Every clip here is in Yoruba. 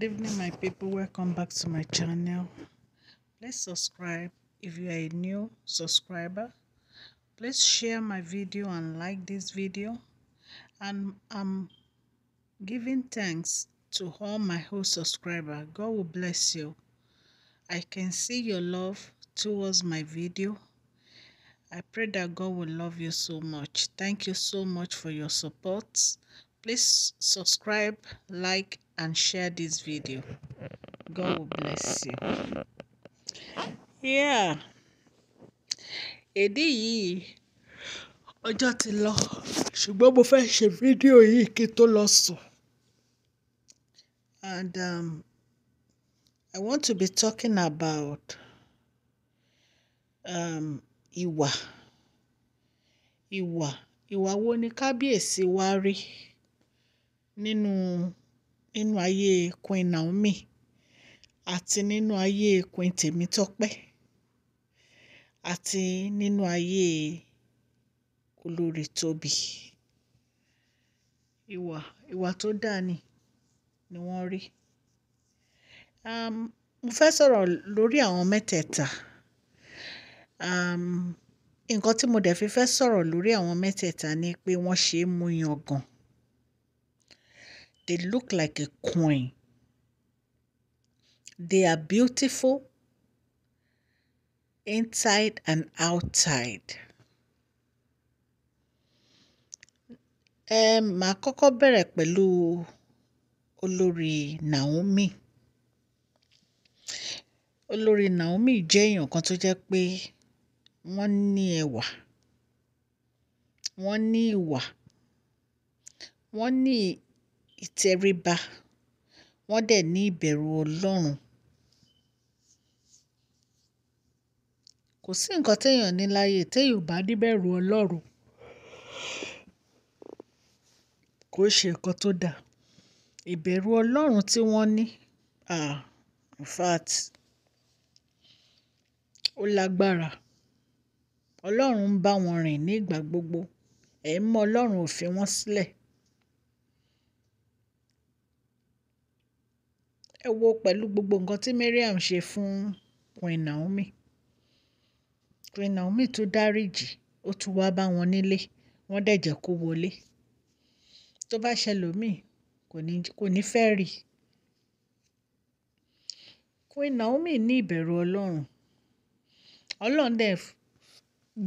good evening my people welcome back to my channel please subscribe if you are a new subscriber please share my video and like this video and i'm giving thanks to all my whole subscriber god will bless you i can see your love towards my video i pray that god will love you so much thank you so much for your support Please subscribe, like, and share this video. God will bless you. Yeah. Èdè yìí ọjọ́ ti lọ ṣùgbọ́n mo fẹ́ ṣe fídíò yìí kí n tó lọ sùn. And um, I want to be talking about um, ìwà. Ìwà. Ìwà wo ni kábíyèsí wa rí? nínú, nínú ayé Queen Naomi àti nínú ayé Queen Tèmítọ́pẹ́ àti nínú ayé olórí Tóbi. Ìwà, ìwà tó dáa ni, ni wọ́n rí. Um, mo fẹ́ sọ̀rọ̀ lórí àwọn mẹ́tẹ̀ẹ̀ta. Um, nǹkan tí mo dẹ̀ fi fẹ́ sọ̀rọ̀ lórí àwọn mẹ́tẹ̀ẹ̀ta ni pé wọ́n ṣe é mú yangàn. They look like a coin. They are beautiful inside and outside. Um, màá kọ́kọ́ bẹ̀rẹ̀ pẹ̀lú olórí Naomi. Olórí Naomi jẹ́ èèyàn kan tó jẹ́ pé wọ́n ní ẹwà wọ́n ní ìwà wọ́n ní ìtẹríba wọ́n dẹ̀ ní ìbẹ̀rù Ọlọ́run. Kò sí nǹkan téèyàn ní láyé téèyàn ò bá ní Ọlọ́run. Kò ṣe nǹkan tó da. Ìbẹ̀rù Ọlọ́run tí wọ́n ní, ah, in fact, ó lágbára. Ọlọ́run ń bá wọn rìn nígbà gbogbo. Ẹ̀mí Ọlọ́run ò fi wọ́n sílẹ̀. Ẹ wo pẹ̀lú gbogbo nǹkan tí Mariam ṣe fún Queen Naomi. Queen Naomi tún dáríjì, ó tún wá bá wọn nílé, wọ́n dẹ̀ jẹ́ kó wọlé. Tó bá ṣẹlòmíì, kò ní, fẹ́ rí i. Queen Naomi ní ìbẹ̀rù Ọlọ́run. Ọlọ́run dẹ̀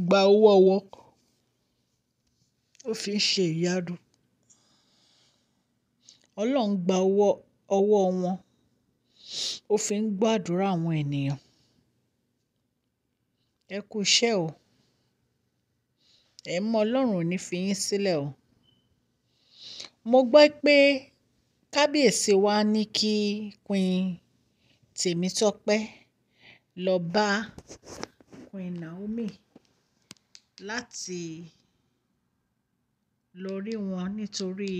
gba owó ọwọ́, ó fi ń ṣe ìyanu. Ọlọ́run gba owó, ọwọ́ wọn, ó fi ń gbàdúrà àwọn ènìyàn. Ẹ kú iṣẹ́ o. Ẹ̀mọ́ Ọlọ́run ò ní fi yín sílẹ̀ o. Mo gbọ́ pé kábíyèsí wa ní kí Queen Tèmítọ́pẹ́ lọ bá Queen Naomi láti lọ rí wọn nítorí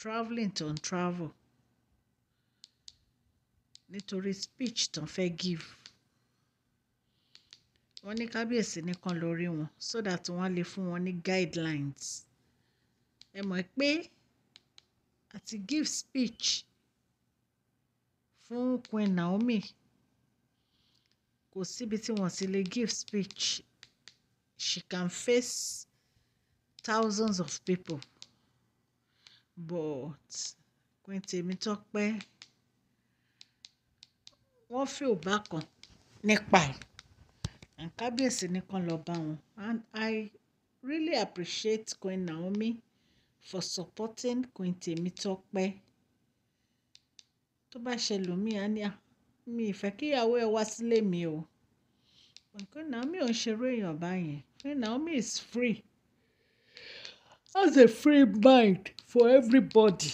travelling to travel nítorí speech tán fẹ́ give wọ́n ní kábíyèsí nìkan lórí wọn so that wọ́n lè fún wọn ní guidelines ẹ mọ̀ pé àti give speech fún Queen Naomi kò síbi tí wọ́n ti lè give speech she can face thousands of people but Queen Tèmítọ́pẹ́ wọ́n feel bákan nípa ẹ̀ and kábíyèsí nìkan lọ bá wọn and I really appreciate Queen Naomi for supporting Queen Temitope tó bá ṣe lòmíì á ní ah, mi ìfẹ́ kíyàwó ẹ wá sílé mi o Queen Naomi ò ń ṣerú èèyàn báyẹn Queen Naomi is free has a free mind for everybody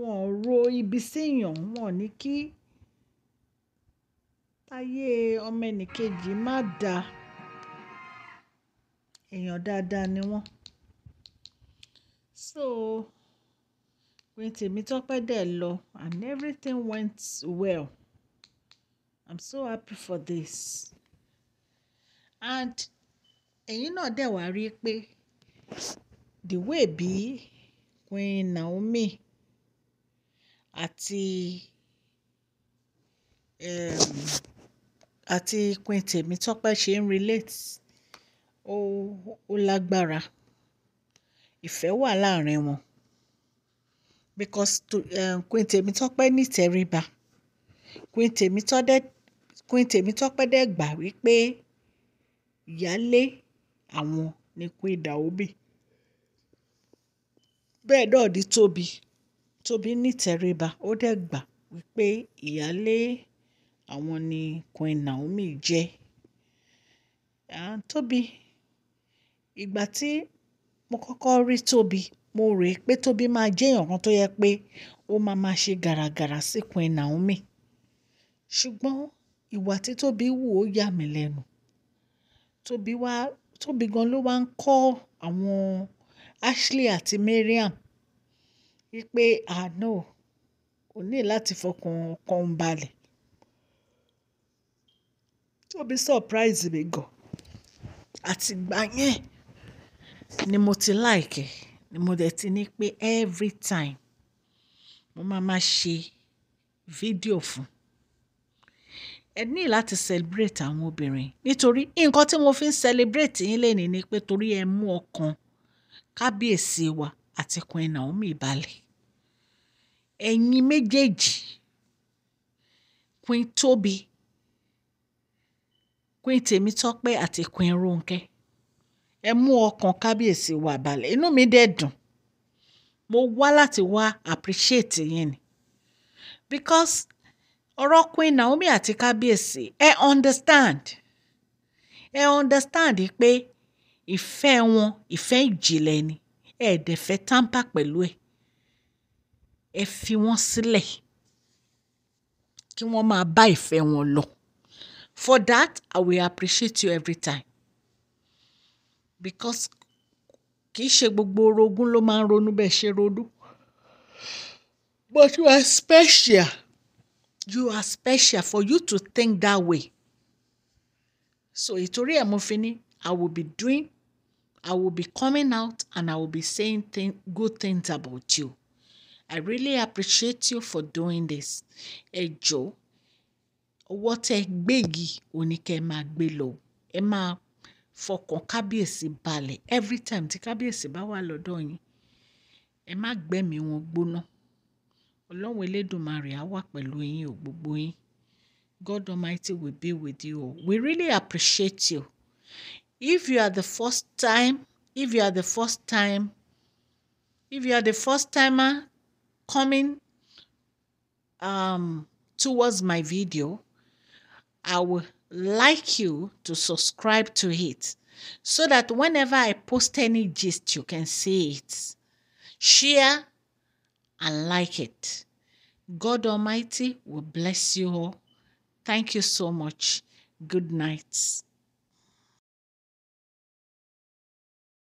wọn ò ro ibi séèyàn wọn ò ní kí ayé ọmọ ẹnì kejì má da èèyàn dáadáa ni wọ́n so when Tèmítọ́pẹ́ dẹ̀ lọ and everything went well I'm so happy for this and ẹ̀yin náà dẹ̀ wá rí i pé the way bí Queen Naomi àti um, àti Queen Tèmítọ́pẹ́ ṣe ń relate ó, ó lágbára. Ìfẹ́ wà láàárín wọn because to, eh, Queen Tèmítọ́pẹ́ ní ìtẹríba. Queen Tèmítọ́dẹ́, Queen Tèmítọ́pẹ́ dẹ̀ gbà wípé ìyálé àwọn ni Queen Naomi. Bẹ́ẹ̀ náà ni Tóbi. Tóbi ní ìtẹríba ó dẹ̀ gbà wípé ìyálé àwọn ni Queen Naomi jẹ́. À ń Tóbi. Ìgbà tí mo kọ́kọ́ rí Tóbi, mo rò pé Tóbi máa jẹ́ èèyàn kan tó yẹ pé ó máa ma ṣe gàràgàrà sí Queen Naomi. Ṣùgbọ́n ìwà tí Tóbi wù ó yà mí lẹ́nu. Tóbi wá, Tóbi gan ló wá ń kọ́ àwọn Ashley àti Mariam wípé, "à ah, no, o ní láti fọkàn ọkàn balẹ̀. Tóbi surprise mi gan. Àti ìgbà yẹn ni mo ti like ni mo dẹ̀ ti ní pé every time mo máa ma ṣe fídíò fún Ẹ ní láti celebrate àwọn obìnrin nítorí nǹkan tí mo fi ń celebrate yín lénìí ni pé torí ẹ mú ọkàn kábíyèsí wa àti Queen Naomi balẹ̀. Ẹ̀yin méjèèjì, Queen Tóbi Queen Tèmítọ́pẹ́ àti Queen Rónkẹ́ ẹ mú ọkàn kábíyèsí wa balẹ̀ inú mi dẹ̀ dùn mo wá láti wá appreciate yín ni because ọ̀rọ̀ Queen Naomi àti kábíyèsí ẹ understand ẹ understand pé ìfẹ́ wọn ìfẹ́ ìjìnlẹ̀ ni ẹ dẹ̀ fẹ́ tampa pẹ̀lú ẹ̀ ẹ fi wọ́n sílẹ̀ kí wọ́n máa bá ìfẹ́ wọn lọ. For that, I will appreciate you every time. Because kì í ṣe gbogbo orogún ló máa ń ronú bẹ́ẹ̀ ṣe ronú. But you are special. You are special for you to think that way. So ìtorí ẹ̀ mo fi ní I will be doing I will be coming out and I will be saying thing, good things about you. I really appreciate you for doing this. Ẹ jọ̀ọ́. ọwọ́ tẹ gbé yìí òní kẹ́ ẹ máa gbé lọ ẹ máa fọkàn kábíyèsí balẹ̀ every time tí kábíyèsí bá wà lọ́dọ̀ yín ẹ má gbẹ̀mí wọn gbóná ọlọ́run elédùnmarè á wà pẹ̀lú yín o gbogbo yín God Almighty will be with you we really appreciate you if you are the first time if you are the first time if you are the first timer coming um, towards my video I would like you to subscribe to it so that whenever I post any gist, you can see it. Share and like it. God Almighty will bless you all. Thank you so much. Good night.